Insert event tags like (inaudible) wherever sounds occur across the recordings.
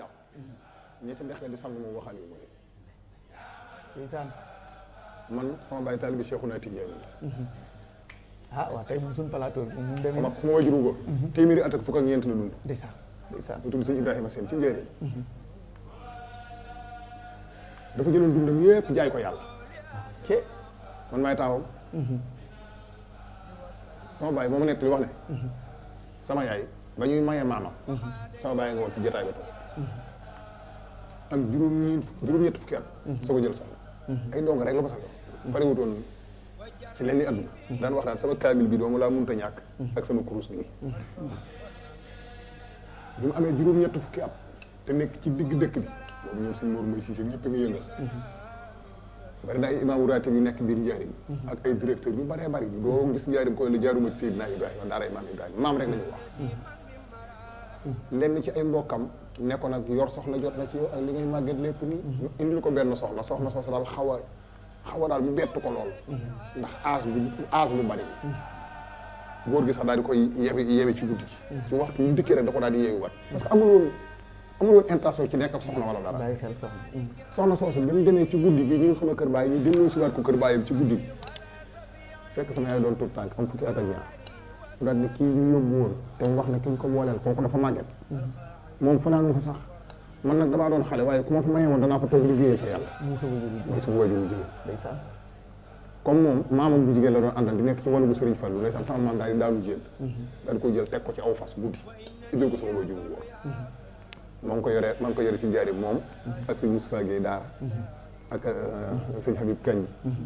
jàpp ñetti dex nga di sang moom waxaan yu bëri ndeysaan man sama bàyyi taalibi Cheikhouna Tidiane ah waaw tey moom suñu moom demee sama mhm. at ak fukk ak ñeent la dund ndeysaan ndeysaan ñu tudd sëñ mhm. ko yàlla ci man maay taawam mhm. sama baay moom nett li ba toog ak juróom-ñi juróom-ñett fukki at. Mhm. soo ko jël soxna. Mhm. ay dong rek la ko soxla. Mhm. bari wutoon ci lenn àdduna. daan wax sama kaamil bi doomu laa mënut a ñàkk. ak sama kurus gi. bi mu amee juróom-ñett fukki at te nekk ci digg dëkk bi boobu ñoom suñu Mor Mbaye Cissé ñëpp a ngi yëngal. bari na ay imaamu raatib yu nekk biir njaarim ak ay directeur yu baree bari doo gis njaarim koy la jaaruma ci Seydina Ibrahima daara imaam Ibrahima rek la wax lenn ci ay mbokkam ne ko nag yor soxna jot na ci yow ak li ngay màgget lépp nii. Mhm. ñu indil ko benn soxna soxna soxna daal xaw a xaw a daal mu bett ko lool. Mhm. ndax aas bu aas bu bari. Mhm. góor gi sax daal di koy yebi yebi ci guddi gi. ci waxtu yu dikkee ko daal di yeewiwaat. parce que amul nekk ak soxna wala dara. bàyyi xel soxna. soxna soosu bi mu demee ci guddi gi ñu sama kër bàyyi ñu delloo siwaat ko kër bàyyi ci guddi gi fekk sama yaay doon tuut tànk am fukki at ak ñaar mu kii ñu yóbbu woon te mu wax na ki ñu ko booleel kooku dafa màgget moom fanaanu ko sax man nag damaa doon xale waaye ku ma fa maye woon danaa fa toog liggéeyee fa yàlla. muy sa wajuru jigéen jigéen. ndeysaan moom maamam bu jigéen la doon àndal di nekk ci wàllu bu Serigne Fallou ndeysaan sama maam daal di daalu jël. Mhm. daal ko jël teg ko ci aw fas guddi indil ko sama wajuru góor. Mhm. maa ngi ko yore maa ngi ko yore ci jaari moom. ak sëñ Moustapha Guèye Daara. Mhm. ak euh, sëñ Habib Kañ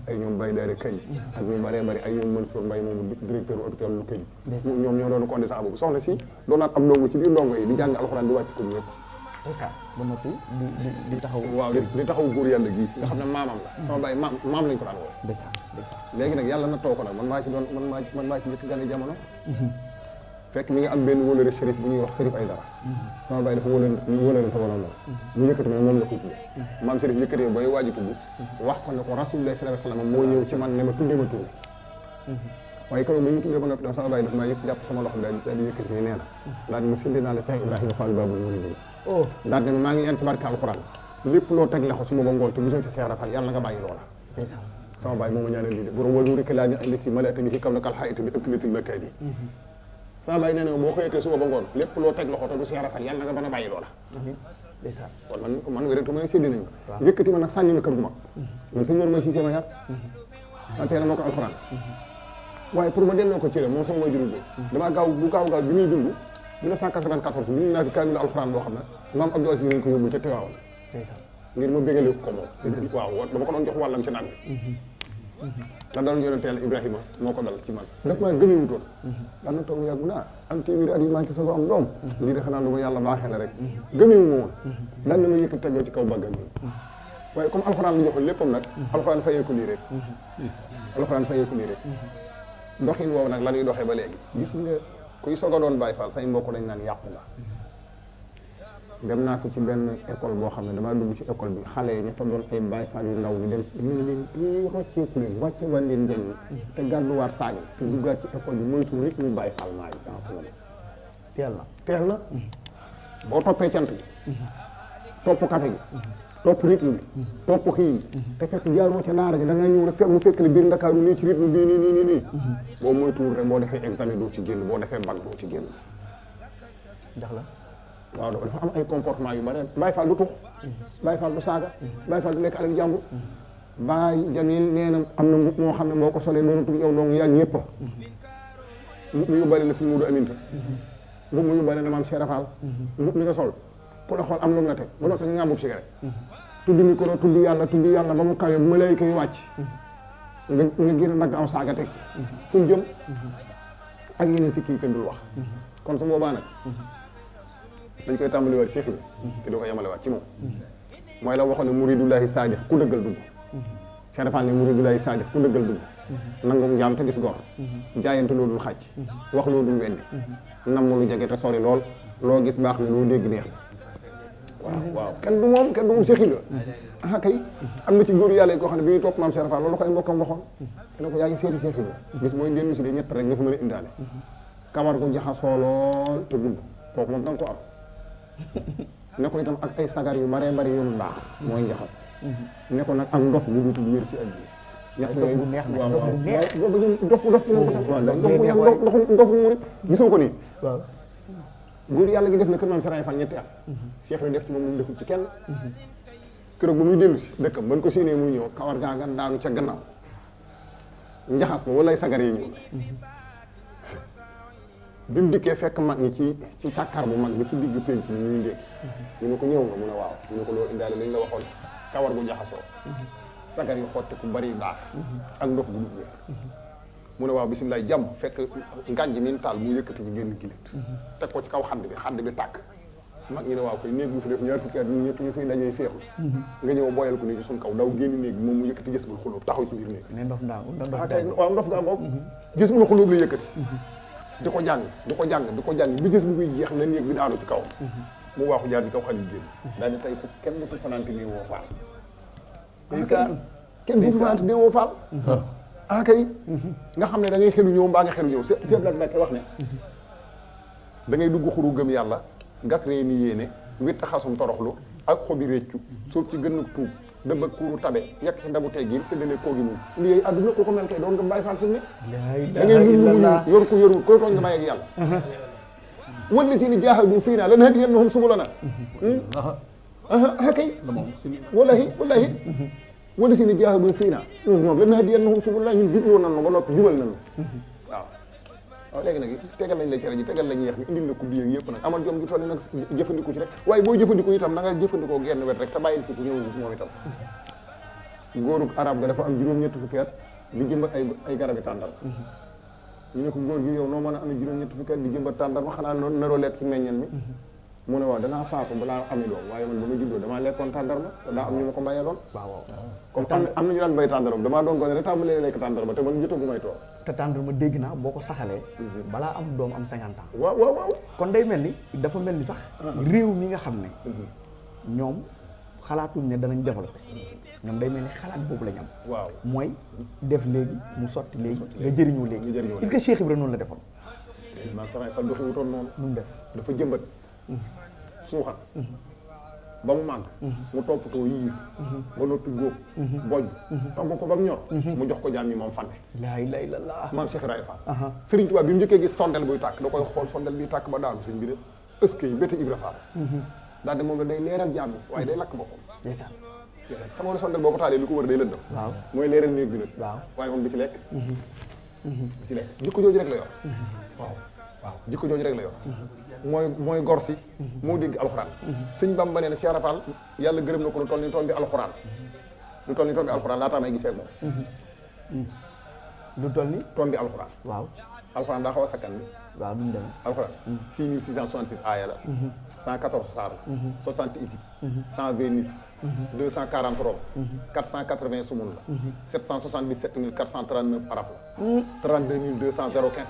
ay ñoom Baye Daare Kañ ak ñu bëree bëri ay ñoom Mansour Mbaye moom directeur hôpital lu Kañ ñoom ñoo doon condé boobu soxna si doon naat am ndongo ci biir ndongo yi di jàng alxuraan di wàcc ko ñëpp ndeysaan ba noppi di di taxaw waaw di taxaw góor yàlla gi nga xam ne maamam la sama baay maam maam lañ ko daan woo léegi nag yàlla na too ko nag man maa ci doon man maa man maa ci njëkk gane jamono mhm. fekk ñu ngi am benn wóolare Serif bu ñuy wax Serif Aydara sama baay dafa wóolare wóolare sama moom la ko tudd maam Serif yëkkatee bay waaj a tudd wax ko ne ko Rasulullah sallallahu alayhi wasallam moo na daal oh. na kal sama bàyyi nee na boo xëyatee suba ba ngoon lépp loo teg loxo te du see rafet yàlla nga mën a bàyyi loola mhm. ndeysaan kon man man wéretu ma ne yëkkati ma nag sànni ma kër gu mhm. ma mhm. ah, ma ko alxuraan waaye pour ma delloo ko ci rek moom sama mooy jurul bi damaa gaaw bu gaaw gaaw bi muy dund 1994 bi ñu naa fi ngir ma bégalee ko moom dama ko doon jox wàllam ci nag bi la mm-hmm. dal yonenteel Ibrahima moo ko dal ci man mm-hmm. daf maa gëmee wutoon daan na toog yàgg mu naa a ah, am mm-hmm. yàlla baaxee la rek gëmee wu ma ci kaw bàggam bi waaye comme alxuraan la joxoon léppam nag alxuraan fayeeku lii rek alxuraan fayeeku lii rek doxin woowu nag la ñuy doxee ba léegi gis nga kuy soog a doon Baay Faal say mbokk dañ naan yàqu nga dem naa ko ci benn école boo xam ne damaa dugg ci école bi xale yi ña fa doon ay baay faal yu ndaw bi dem ñu leen ñu leen wàcce wan leen njëg te gàdduwaat saag te duggaat ci école bi moytu nit ñu bàyyi faal maa teel na teel na boo toppee cant bi topp café gi topp rythme bi topp xii te fekk jaaroo ca daara ji da ñëw rek fekk mu fekk ne biir Ndakaaru nii ci rythme bii nii nii nii nii boo moytuwul rek boo defee examen doo ci génn boo defee bac doo ci génn ndax la waaw dafa am ay comportement yu bari Baay Faal du tux Baay Faal du saaga Baay Faal du lekk alal jàmbur Baay Jamil nee na am na moo xam ne moo ko solee noonu tudd yow dong yaa ñëpp mu mu yóbbaale la si Muudu Aminta mu mu yóbbaale la maam Cheikh Fall mu mi nga sol ku la xool am mu la teg bu noppi nga ngàmbub cigarette tudd micro tudd yàlla tudd yàlla ba mu kawe malaaka yi wàcc nag aw saaga teg fu jëm ak yeneen si kii kenn dul wax kon su boobaa nag dañ koy tambali wat bi te do ko yamale wat ci mom moy la waxone ne muridullahi saadix ku deugal dug Cheikh dafa ne muridullahi saadix ku deugal dug nangum jam ta gis gor jaayante loolu xàcc wax loolu wendi weddi lu jage ta sori lol lo gis bax ni lo deg neex waaw waaw kenn du mom kan du moom Cheikh Ibra ah kay amna ci góor yalla ko xamne bi top mam Cheikh Fall lolou ko ay mbokkam waxoon kenn ko yaangi ngi seeti Cheikh Ibra bis moy ndenu ci de ñett rek nga fa mën indale kamar ko jaxa solo te dug kooku mom dang ko am ne ko itam ak ay sagar yu baree bari yu mbaax mooy njaxas ne ko nag ak ndox bu dutul wér ci aji yàq yooyu bu neex na ndox bu neex ndox ndox ndox ndox murit gisoo ko nii waaw góor yàlla gi def na kër maam Saraay Fall ñetti at Cheikh la def ci moom lu mu deful ci kenn keroog bu muy dellu si dëkkam ban ko séenee muy ñëw kawar gaa nga daanu ca gannaaw njaxas ba wala ay sagar yi ñëw bi mu dikkee fekk mag ñi ci ci càkkar bu mag bi ci digg pénc bi ñuy ndékki mhm. ñu ne ko ñëw nga mu ne waaw ñu ne ko loolu la waxoon kawar gu jaxasoo mhm. sagar yu xotti bari baax mhm. ak ndox gu duggee mu ne waaw bisimilah jàmm fekk ngànj taal mu yëkkati ci génn giléet teg ko ci kaw bi xand bi tàkk mag ñi ne waaw koy néeg bu fi def ñu ñëpp ñu fiy dajee feexu nga ñëw boyal ko nii ci suñ kaw daw génn néeg moom mu yëkkati gis bul xulóob ah, gis bul xulóob yëkkati di ko jàng di ko jàng di ko jàng bi gis bu koy jeex na néeg bi daanu ci kaw mhm. mu waaxu jaar ci kaw xalit génn daal di tey kenn du fi fanaante nee woo faal ah, ndeysaan kenn du fi fanaante nee woo ah. Ah, mhm. nga xam ne da xelu ñëw mbaa nga xelu ñëw se seet la nekk wax ne mhm. da ngay dugg xuru gëm yàlla gas ree ni yéene witt xasum toroxlu ak xobi réccu soob ci gën ak tuub dëbb ak kuuru tabe yàq ci ndabu teggin séddale koo gi muñ li yooyu àdduna ko ko mel kay doon nga bàyyi faal fi mu ne da ngay lu muñu yor ko yorul koy tooñ nga bàyyi ak yàlla (laughs) wallazina jaahadu fiinaa lanahdiyannahum subulanaa hmm? aha kay wallahi wallahi wallazina jaahadu fiinaa ñoom lanahdiyannahum subulanaa ñun jublu woon nañu ba noppi jubal nañu waaw léegi nag tegal lañ la cere ji tegal lañ yeex bi indil la ku biyeeg yëpp nag amal jom ju toll ni nag nga jëfandikoo genn wet rek te bàyyil ci ku ñëw moom itam góoru arab ga dafa am juróom-ñetti fukki at di jëmbat ay ay garabi tàndar mm-hmm. ñu ne ko góor gi yow noo mën a amee juróom-ñetti fukki at di tàndar ma xanaa noonu naroo lekk ci meññeen mi mm-hmm. mu ne waaw danaa faatu balaa amee doom waaye man ba ma juddoo damaa lekkoon tàndarma daa am ñu ma ko mbayeeloon waaw waaw comme am nañu daan bay tàndarma damaa doon gone rek tàmbalee lekk tàndarma te man jotagu may toog te tàndarma dégg naa boo ko saxalee mhm. balaa am doom am cinquante ans waaw waaw waaw kon day mel ni dafa mel ni sax ah. réew mi nga xam ne mhm. ñoom xalaatuñ ne danañ développé ñoom day mel ni xalaat boobu lañ am waaw mooy def léegi mu sotti léegi nga jëriñu léegi est-ce que Cheikh Ibrahima noonu la defoon man sama xel doxewutoon noonu nu mu def dafa jëmbat suuxat ba mu màgg mu toppatoo yii ba noppi góob bojj togg ko ba mu ñor mu jox ko jaam ñi moom fande laa ilaaha illallaah maam Cheikh Ibrahima Fall Sëriñ Tuubaa bi mu njëkkee gis sondel buy tàkk da koy xool sondel bi tàkk ba daalu sëñ bi de est-ce que yi béti Ibra Fall daal de moom la day leeral jaam ñi waaye day lakk boppam ndeysaan xam nga sondel boo ko taalee lu ko wër day lëndam waaw mooy leeral néeg bi nag waaw waaye moom du ci lekk mhm. Mhm. jikko jooju rek la yor mhm. waaw moy moy gorsi, mo deg alquran alxuraan sëñ Bamba nee na Cheikh Rafal yàlla gërëm na ko lu tolni tolbi alquran alxuraan lu toll ni tombi alxuraan laataa may gisee ak moom lu toll ni tombi alxuraan waaw alxuraan daa xaw a sakkan waaw duñu dem alquran six aya la 114 mhm. sar saar isi 120 243 480 sumun la mhm. araf mhm. la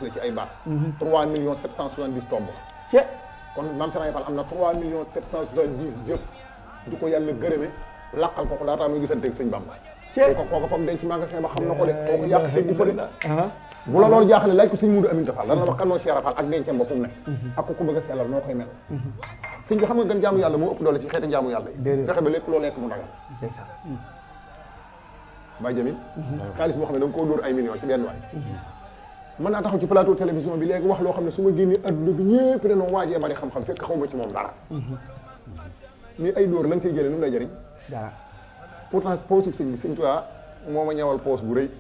la ci ay baat 3770 millions ce kon maam Serigne Fall am na 3 millions 770 jëf du ko yàlla gërëme laqal ko ko laataa muy ko kooku fam denc magasin ba teg bu fa de uh-huh. bu la loolu jaaxle ko sëñ Muudu Aminta ak dencam ba fu ne uh-huh. ak ku ko bëgg a sellal noo koy mel uh-huh. sëñ bi xam nga gën jaamu yàlla moo ëpp doole ci xeeti jaamu yàlla yi fexe ba lépp loo lekk mu dagal ndeysaan Baye xaalis boo xam ne da nga koo dóor ay millions ci benn waay mën naa taxaw ci plateau télévision bi légui wax lo xamné suma génné addu bi ñepp bi ñëpp wajé bari xam-xam fekk xawma ci mom dara ni ay door lañ cay jëlé lu lay jëriñ dara pourtant poosub sëñ bi sëñ Tuubaa moma ñawal poos bu reuy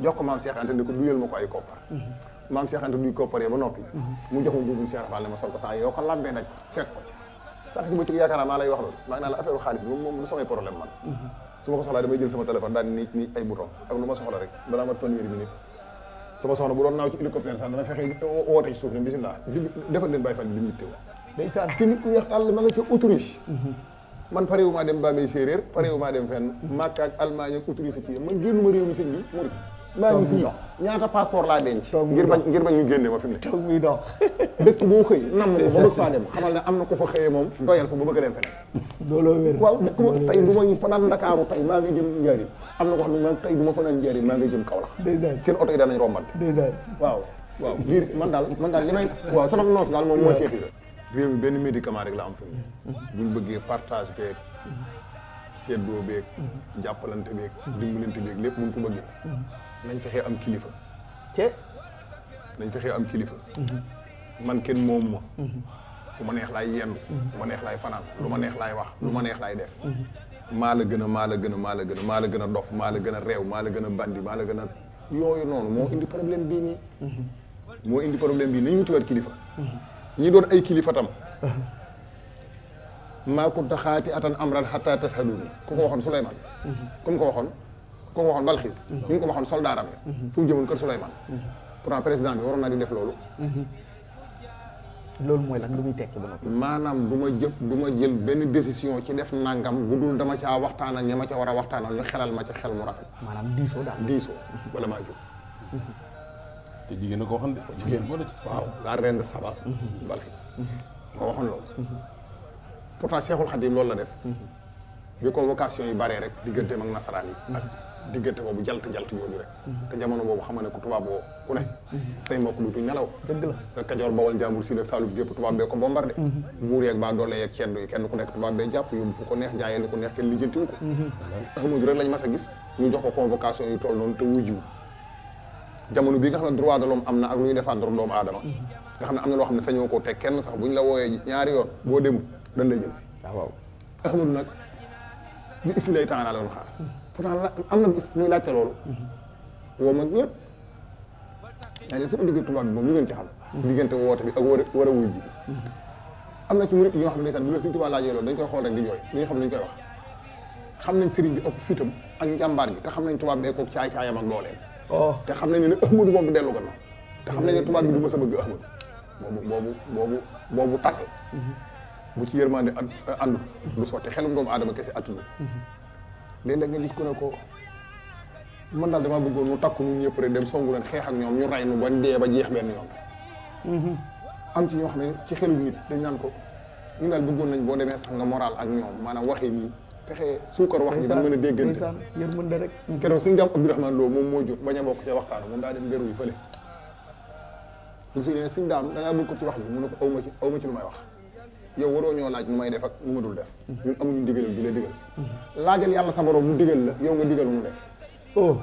jox ko mam Cheikh antane ko duyel mako ay copar mam Cheikh antane duy kopparee ba nopi mu jox mu mbuubum Cheikh Fall ma sol ko sa yo ko lambé nak fekk ko sax ci sànq ci yakara ma lay wax loolu mag na la affaire xaalis mom mom lu samay problème man suma ko soxla damay jël sama téléphone dal ni ay bouton ak lu ma soxla rek ma mat fanweeri minute sama soxna bu doon naaw ci hélicoptère sax dana fexe woote ci suuf ne bisimilah defal leen bàyyi fan bi ñu teew ndeysaan te ma nga ca Autriche man parewu maa dem Bambey séeréer parewu maa dem fenn Màkka ak Allemagne ak Autriche ci man génnuma réew mi sëñ bi murid maa ngi fii ñaata passeport laa denc ngir bañ ngir bañ ñu génne ma fi ne toog (laughs) (laughs) am na ko fa xëyee moom doyal fa ma bëgg a dem feneen looloo wér waaw dëkk ma tey du may Ndakaaru tey amna na ko xam ne man tey du ma fanaan njëriñ maa ngi jëm Kaolack. dèjà seen oto yi da nañ rombante. dèjà waaw. waaw bir man dal man dal limay waaw sama noos dal mom mo Cheikh Ibra. réew mi benn médicament rek la am fi buñ bëggé partage beeg. seddoo beeg. jàppalante beeg. dimbalante beeg lepp mun ko bëggé nañ fexé am kilifa. ci nañ fexé am kilifa. Mhm. man ken mom ma. Mhm. ku ma neex lay yenn mhm. ku ma neex lay fanaan. lu ma neex lay wax lu ma neex lay def. maa la gën a maa la gën a maa la gën a maa la gën a dof maa la gën a réew maa la gën a bandi maa la gën a yooyu noonu moo indi problème bii nii mhm. moo indi problème bii nañu wutiwaat kilifa ñi doon ay kilifa tam mhm. maa ko taxaati atan amran xata tashaluuni ku ko waxoon Souleymane mhm. ku mu ko waxoon ku ko waxoon Balxiis ñu ko waxoon soldaaram ya fu mu jëmoon kër Souleymane pourtant président bi waroon naa di def loolu loolu mooy lan lu muy tekki ba noppi. maanaam du ma jëpp du ma jël benn décision ci def nangam bu dul dama caa waxtaan ak ña ma ca war a waxtaan waxtaanal ñu xelal ma ca xel mu rafet. maanaam diisoo daal diisoo wala maa jóg. te jigéen a ko waxoon de. jigéen boo ci waaw la reine de Saba. Balkis moo waxoon loolu. pourtant Cheikhul Khadim loolu la def. Mhm. bi convocation yi baree rek digganteem ak nasaraan yi. diggante boobu jalt jalt jooju rek te jamono boobu xam ne ku tubaab woo ku ne say mbokk duutu nelaw dëgg la kajoor bawal jàmbur si def saalum gépp tubaab bee ko bombardé buur mhm. yeeg baa doole yeeg ceddo yi kenn ku nekk tubaab bee jàpp yóbbu fu ko neex jaayee li ko neex kenn lijjantiwu ko mhm. a gis jox ko convocation yu toll noonu te wujjiwu jamono bii nga xam ne droit de l'homme am na ak lu ñuy défendre doomu aadama mhm. nga xam ne am na loo xam ne sañoo koo te kenn sax buñ la wooyee ñaari yoon boo demul dañ lay jël si ah, waaw Ahmadou nag li istilay temps laa doon xaar pourtant am na bis muy laajte loolu. Mhm. woo mag ñëpp. yaa ngi sama diggante tubaab bi moom ñu ngeen ci xam. Mhm. diggante woote bi ak war a war a wuy ji. Mhm. am na ci murit ñoo xam ne sax bu la Sëriñ Tuubaa laajee loolu dañ koy xool rek di jooy dañuy xam lañ koy wax. xam nañ sëriñ bi ëpp fitam ak njàmbaar gi te xam nañ tubaab bee koog caay caayam ak loolee. Oh. te xam nañ ne Ahmadu boobu dellu gannaaw. te xam nañ ne tubaab bi du mës a bëgg Ahmadu. boobu boobu boobu boobu tase. bu ci yërmande ànd. du sotti xelum doomu aadama kese attunu léeg-léeg nga gis na ne ko man daal damaa bëggoon mu takku ñun ñëpp rek dem songu leen xeex ak ñoom ñu rey nu bañ dee ba jeex benn yoon. Mm-hmm. am ci ñoo xam ne ci xelu nit dañ naan ko ñu daal bëggoon nañ boo demee sax nga moral ak ñoom maanaam waxee nii fexe suukar wax ji ba mën a déggante ndeysaan yërmande rek. Mm-hmm. keroog suñu jàmm Abdourahmane Lo moom moo jur bañ a bokk moom daa dem beru yi fële. bu su ne suñu daam da ngaa bëgg ko ci wax ji mu ne ko aw ma ci aw ma ci lu may wax yow waroo ñoo laaj nu may def ak nu ma dul def ñun amuñu digalal du la digal laajal yàlla sa borom mu digal la yow nga digal mu def oh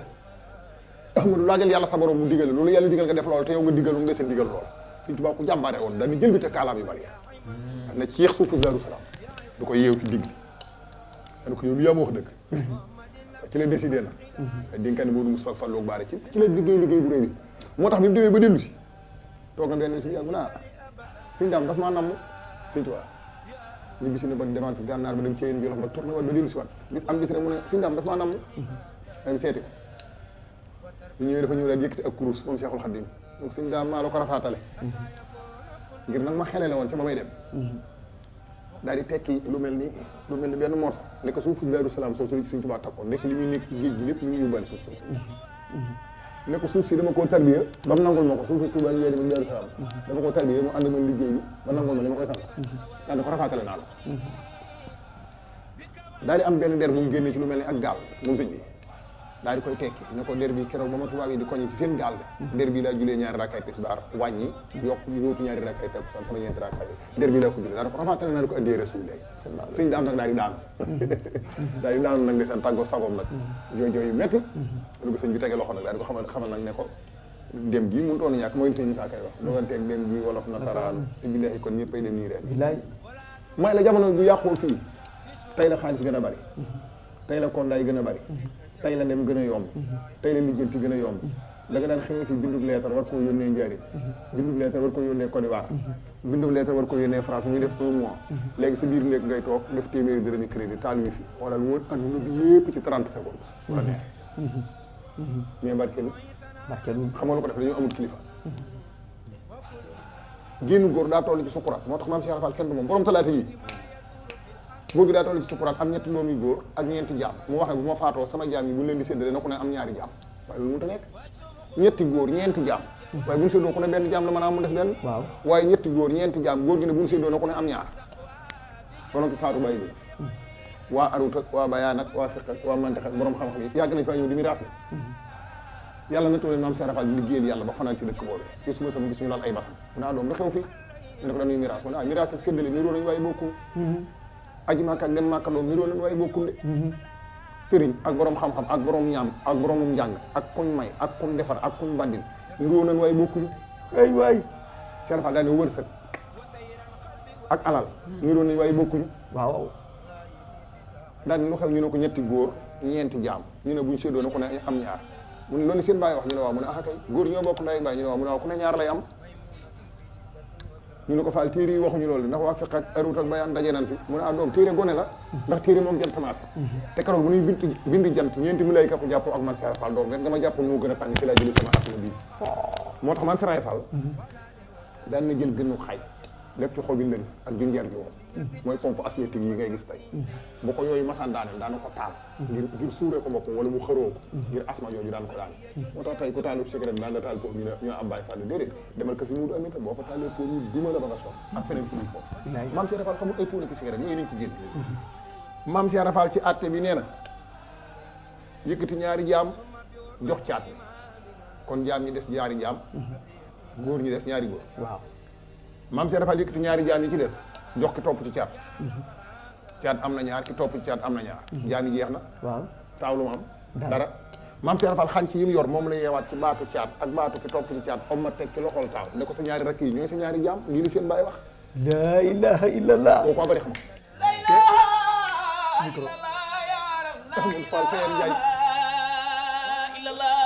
amul laajal yàlla sa borom mu digal loolu yàlla digal nga def loolu te yow nga digal nga seen digal loolu Sëñ Tuubaa ku jàmbaare woon daal di jël bi du ko yeew ci digg dana ko yow wax dëgg ci la décidé na di nga kan Modou Moustapha Fallou Baare ci ci la liggéey liggéey bu moo tax bi mu demee ba dellu si toog na benn naa ah, suñu daam daf maa namm sëñ Tuubaa ñu gis ne ba demaat gànnaar ba dem ci yéen jolof ba tourné waat ba dellu si waat bis am bis rek mu ne si ndam dafa maa namm mhm. dem seeti ko bu ñëwee dafa ñëw daal yëkkati ak kurus moom Seexul Xadiim donc sëñ daam maa la ko rafaatale mhm. ngir nag ma xelee la woon ca ba may dem mhm. daal di tekki lu mel ni lu mel ni benn morso ne ko suuf Daaru Salaam soo su ci sëñ Tuubaa takkoon nekk li muy nekk ci géej gi lépp mu ngi yóbbaale suuf soosu ne ko suuf si dama koo tarbiya ba mu nangul ma ko suuf si Touba Ndiaye di Daaru Salaam dama koo tarbiya mu ànd ma liggéey bi ba nangul ma li ma koy sant daal ko rafaatale naa la daal di am benn der bu mu génnee ci lu mel ni ak gaal moom sëñ bi daal di koy tekki ne ko der bi keroog ba ma tubaab yi di koñi ci seen gaal ga mhm. der bi laa julee ñaari rakkay tisbaar wàññi mhm. yokk yóotu ñaari rakkay takkusaan sama ñeenti rakkay der bi laa ko julee daa ko rafaatale naa di ko addee rasul léegi suñ daam nag daal di daanu mhm. (laughs) daal di daanu nag de seen tàggoo sagom nag jooy jooy yu métti lu ko sëñ bi tege loxo nag daal di ko xamal xamal nag ne ko dem gii mënutoon a ñàkk mooy li sëñ Moussa Kay wax doganteeg dem gii wolof nasaraan te billaahi kon ñëppay dem nii reen mooy la jamono ju yàqoo fii tey la xaalis gën a bari tey la kondaay gën a bari tey la dem gën a yomb mhm. tey la lijjanti gën a yomb da mhm. nga daan xëy fi bindub leetar war koo yonnee Njaaréem mhm. bindub leetar war koo yónnee Côte d'Ivoire bindub leetar war koo yónnee France ñu def un mois léegi si biir néeg ngay toog def téeméeri dërëmi crédit taal wi fi xoolal wóor adduna bi yépp ci 30 secondes wala neex mais barkeelu xam nga lu ko def dañoo amul kilifa génn góor daa toll ci sukuraat moo tax maam si Arafaal kenn du moom borom talaata góor gi daa toll ci sukuraat am ñetti doomi góor ak ñeenti jaam mu wax ne bu ma faatoo sama jaam yi bu leen di séddale na ku ne am ñaari jaam waaye loolu mënut a nekk ñetti góor ñeenti jaam waaye bu ñu séddoo ku ne benn jaam la a am mu des benn waaye ñetti góor ñeenti jaam góor gi ne bu ñu séddoo na ku ne am ñaar kono ki faatu bàyyi leen waa arut ak waa bayaan ak waa fiq ak waa mantiq ak borom xam-xam yàgg nañ faa ñëw di miraas ni yàlla na toll maam Seex Rafal liggéeyal yàlla ba fanaan ci dëkk boobu ci suma sama gis ñu laal ay basam mu a ah, doom lu xew fii ñu ne ko dañuy miraas mu ne ah miraas ak séddale niroo nañu waaye bokkul aji màkka dem màkka loo niroo leen waaye bokkul de mhm. sëriñ ak borom xam-xam ak borom ñaam ak boromum njàng ak kuñ may ak kuñ defar ak kuñ bandil niroo leen waaye bokkuñu ay waay Cheikh Fall daal ne wërsëg ak alal niroo leen waaye bokkuñu waaw daal ne lu xew ñu ne ko ñetti góor ñeenti jaam ñu ne buñ séddoo na ku ne am ñaar mun loolu seen bàyyi wax ñu ne waaw mu ne ah kay góor ñoo bokk ndey baay ñu ne waaw mu ne waaw ku ne ñaar lay am ñu ne ko faal téere yi waxuñu loolu ndax waa fiq ak arut ak bayaan daje nañ fi mu ne ah doom téere gone la ndax téere moom jant maase te karool bu ñuy bind jant ñeenti mu lay ko jàppoo ak man sara fall doom rek dama jàppoon moo gën a tàng ci laa jëli sama asma bii moo tax man sara fall mhm. daan na jël gënu xay lépp ci ak junjeer bi mooy pompe asiatique yi ngay gis tey bu ko yooyu masaan daaneel daana ko taal ngir ngir suuree ko boppam wala mu xëroo ko ngir ko daane moo tax tey ku taalib secret daan nga taal pompe ñu ne ñu ne am bàyyi fàll déedéet demal kasi muudu amee tam boo fa taalee pompe ñu duma si rafal si rafal nee na ñaari jaam jox caat bi kon jaam ñi des ñaari jaam góor ñi des ñaari góor Mam sey Rafal yëkkati ñaari jaam yi ci des jox ki top ci caat caat amna ñaar ki top ci caat amna na ñaar jaam yi jeex waaw tawlu mam dara mam sey Rafal xànc yim yor mom la yewat ci baatu caat ak baatu ki top ci caat om ma teg ci loxol taw ne ko sa ñaari rakk yi ñooy sa ñaari jaam ñu li seen bay wax la ilaha illallah kooku abari xam micro Amadou ya Fall Faye Ndiaye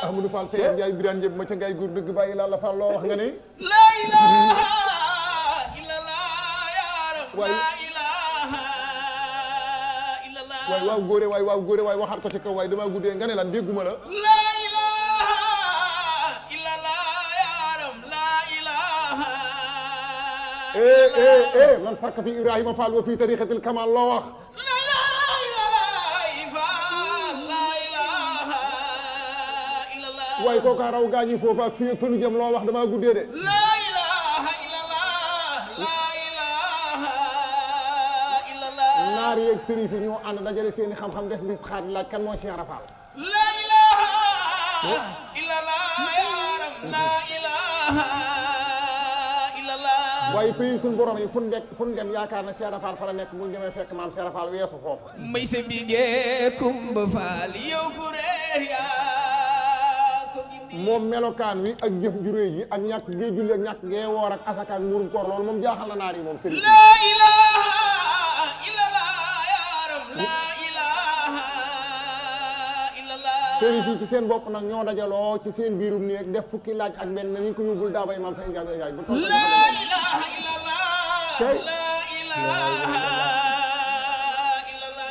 Amadou Fall fay Ndiaye biran Diop ma ca ngay góor dëgg la Fall loo wax nga ilaha waay waaw góore waay waaw góore waay waxaat ko ci kaw waay damaa guddee nga ne lan dégguma la. eh eh, eh eh man sàkk fi Ibrahima Fall ba fii tariqatil foofa ak fii ak fa wax damaa guddee xaali yeeg sëriñ ñoo ànd dajale seeni xam-xam des di xaar laaj kan Cheikh Rafal ya la ilaha illallah waaye pays suñu borom yi fu ñu fu ñu dem na Cheikh Rafal fa la nekk bu ñu fekk maam Cheikh Rafal weesu foofu may sa bigee kumba faal yow wi ak ak ak ak asaka ak jaaxal na la ilaha sëriñ si ci seen bopp nag ñoo dajaloo ci seen biirum néeg def fukki laaj ak benn ni ñu ko yóbbul daaba imaam sa injaay injaay bu toog laa ilaaha illallah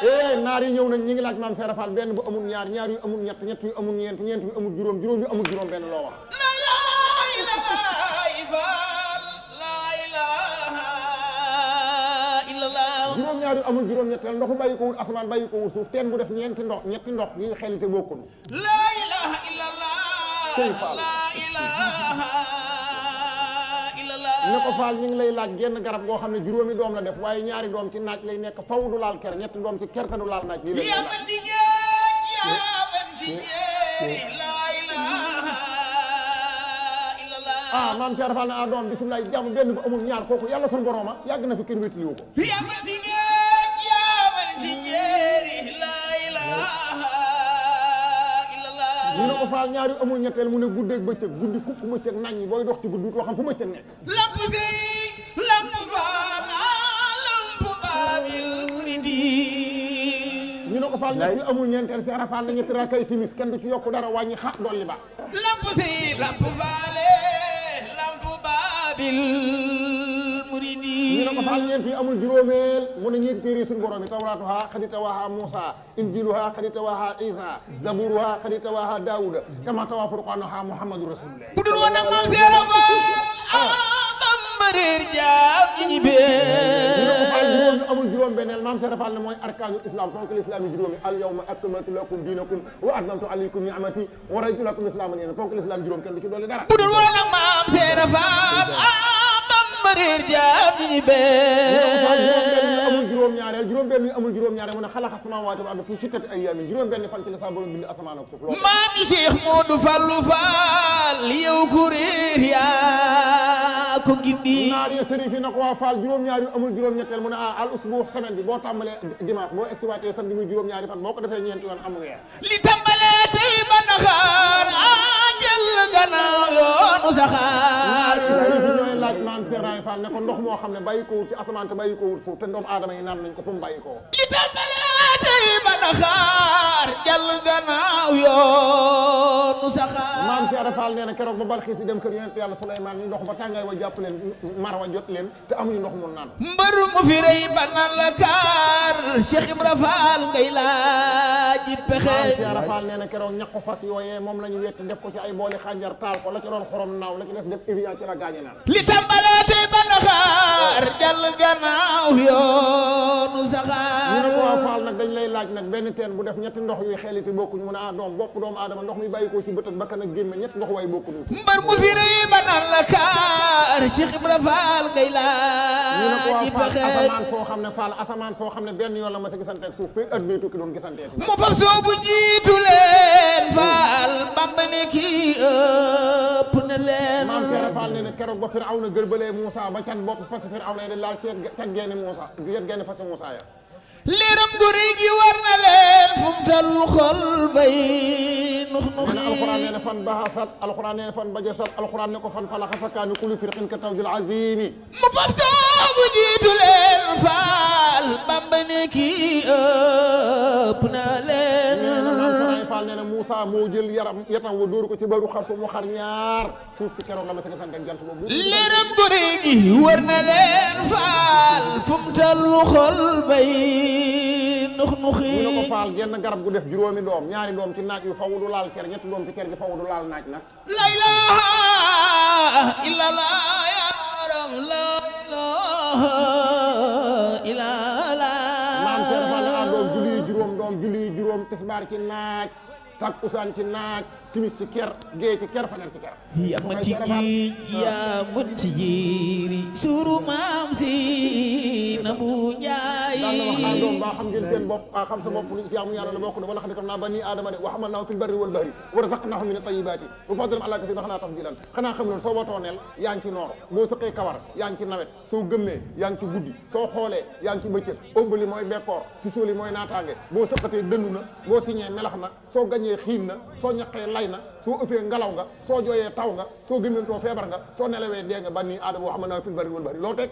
ee eh, naar yi ñëw nañ ñi ngi laaj maam Serap Fall benn bu amul ñaar ñaar yu amul ñett ñett yu amul ñeent ñeent yu amul juróom juróom yu amul juróom benn loo wax juróom amul juróom-ñetteel ndoxu bàyyi ko wut asamaan ko wut suuf teen bu def ñeenti ndox ñetti ndox yu xelite bokkul laa ilaha ñu ngi laaj genn garab goo xam ne juróomi doom la def waaye ñaari doom ci naaj lay nekk faw du ñetti doom ci ker te du laal naaj lii laa ilaha ah maam Cheikh Fall na a ah, doom bisimilah jàmm benn bu amul ñaar kooku yàlla sunu yàgg na fi kenn wéetaliwu ko Fall ñaari amul ñetteel mu ne guddeeg bëccëg guddi kukk bëccëg naññi booy dox ci guddi doo xam fu bëccëg nekk. lamp si ñu ne ko Fall ñaari amul ñeenteel si Arafaal la ñetti raakay timis kenn du ci yokk dara wàññi xa dolli ba. lamp si lamp Fall lamp baabil. muridi ñu ne ko fa am ñeent yu amul juróomeel mu ne ñeenti téere suñu borom yi tawraatuha xadi tawaaha Muusa injiluha xadi tawaaha Isa zaburuha xadi tawaaha Daawuda kama tawaa furqaanuha Muhammadu rasulullah bu dul woon nag maam seera fa am mareer jaab ñi bee amul juróom benneel maam Seex Faal ne mooy arkaanul islam fonk l'islam yi juróomi al yawma akmaltu lakum diinakum wa atmamtu alaykum ni'mati wa raditu lakum islam nee na fonk l'islam juróom kenn du ci doole dara. budul woon ak maam Seex Faal ma réer jaam ñi benn juróom-ñaareel juróom-benn yu amul juróom-ñaareel mu ne xalaqa samaawaati wal arda fi sittati ayyaamin juróom-benn fan ci la sa borom bind asamaan ak suuf loolu maami Cheikh Modou Fallou Fall yow ku réer yaa ko gindi naari sëriñ fi na ko waa Fall juróom-ñaar yu amul juróom-ñetteel mu ne ah al usbu semaine bi boo tàmbalee dimanche boo exploité samedi muy juróom-ñaari fan boo ko defee ñeenti yoon am weer li tàmbalee tey ba naxaar ah. gannaaw yoonu saxaar ñooy laaj maam Seeraay Fall ne ko ndox moo xam ne bàyyi ko wut ci asamaan te bàyyi ko wut suuf te doomu aadama yi naan nañ ko fu mu bàyyi ko itam bala tey ba naxaar saxaar jàll gannaaw yoonu saxaar maam Cheikh Rafal nee na keroog ba Balxiis di dem kër yonent yàlla Suleymaan ñu ndox ba tàngaay wa jàpp leen mar wa jot leen te amuñu ndox mu naan mbëru mu fi rëy ba naan la kaar Cheikh Ibra Faal ngay laaji pexe maam Cheikh Rafal nee na keroog ñaqu fas yooyee moom la ñu wetti def ko ci ay booli xànjar taal ko la ci xorom naaw la ci des def évian ci la gaañe naan li tàmbalee tey ba naxaar jàll yoonu saxaar ñu ko waa Faal nag dañ lay laaj nag benn bu def ndox yuy xeliti bokkuñ mun a ah doom bopp doomu aadama ndox mi bàyyi ko ci bët ak bakkan ak gémme ñett ndox way bokkuñu mbar mu fi ba naan la kaar Cheikh Ibra Fall ngay laa ji pexe asamaan foo xam ne Fall asamaan foo xam ne benn yoon la ma sa gisante ak suuf fii at bii tukki doon gisante mu fab soo bu jiitu leen Fall Bamba ne kii ëpp na leen maam Cheikh ba Firawna gërbalee Moussa ba cat bopp fas Firawna yi geeni Moussa ya leeram gu rëy gi war na leen fu mu tal xol bay nux nux yi alxuraan nee na fan ba xasat alxuraan nee na fan ba jasat alxuraan ne ko fan falaxa fakaani kullu firqin ka tawdil azimi mu fab soobu jiitu leen faal bamba ne kii ëpp na leen Fall nee na Moussa moo jël yaram yatam wa dóor ko ci baru xar su mu xar ñaar suuf si keroog la ma sëgg sant ak jant boobu leeram gone gi war na leen faal fu mu tallu xol bay nux nuxi mu ne ko faal genn garab gu def juróomi doom ñaari doom ci naaj yu faw du laal ker ñetti doom ci ker gi faw du laal naaj nag la ilaha illallah ya borom la ilaha illallah maam Cheikh Fall ne doom julli juróom doom julli moom tisbaar ci naaj takkusaan ci naaj timis ci ker gee ci ker fajar ci ker ya ma ya ma ci jiiri suru maam si na bu njaay daan wax naa doom baa xam ngeen seen bopp xam sa bopp lu yaamu yàlla la bokk na wala xam ne kam bani aadama de wa xamal naa fil barri wal bahri wa razaqnahum min at-tayyibati wa fadlan ala kaseem xanaa tafdilan xanaa xam loolu soo wotooneel yaa ngi ci noor boo sëqee kawar yaa ngi ci nawet soo gëmmee yaa ngi ci guddi soo xoolee yaa ngi ci bëccëg ëmbali mooy bekkoor ci suuli mooy naataange boo sëqatee dëndu na boo siñee melax na soo gañee xiin lay tooy na soo ëffee ngelaw nga soo jooyee taw nga soo gëmmantoo feebar nga soo nelawee dee nga bani aadama wa xaman naa fil bari wal bari loo teg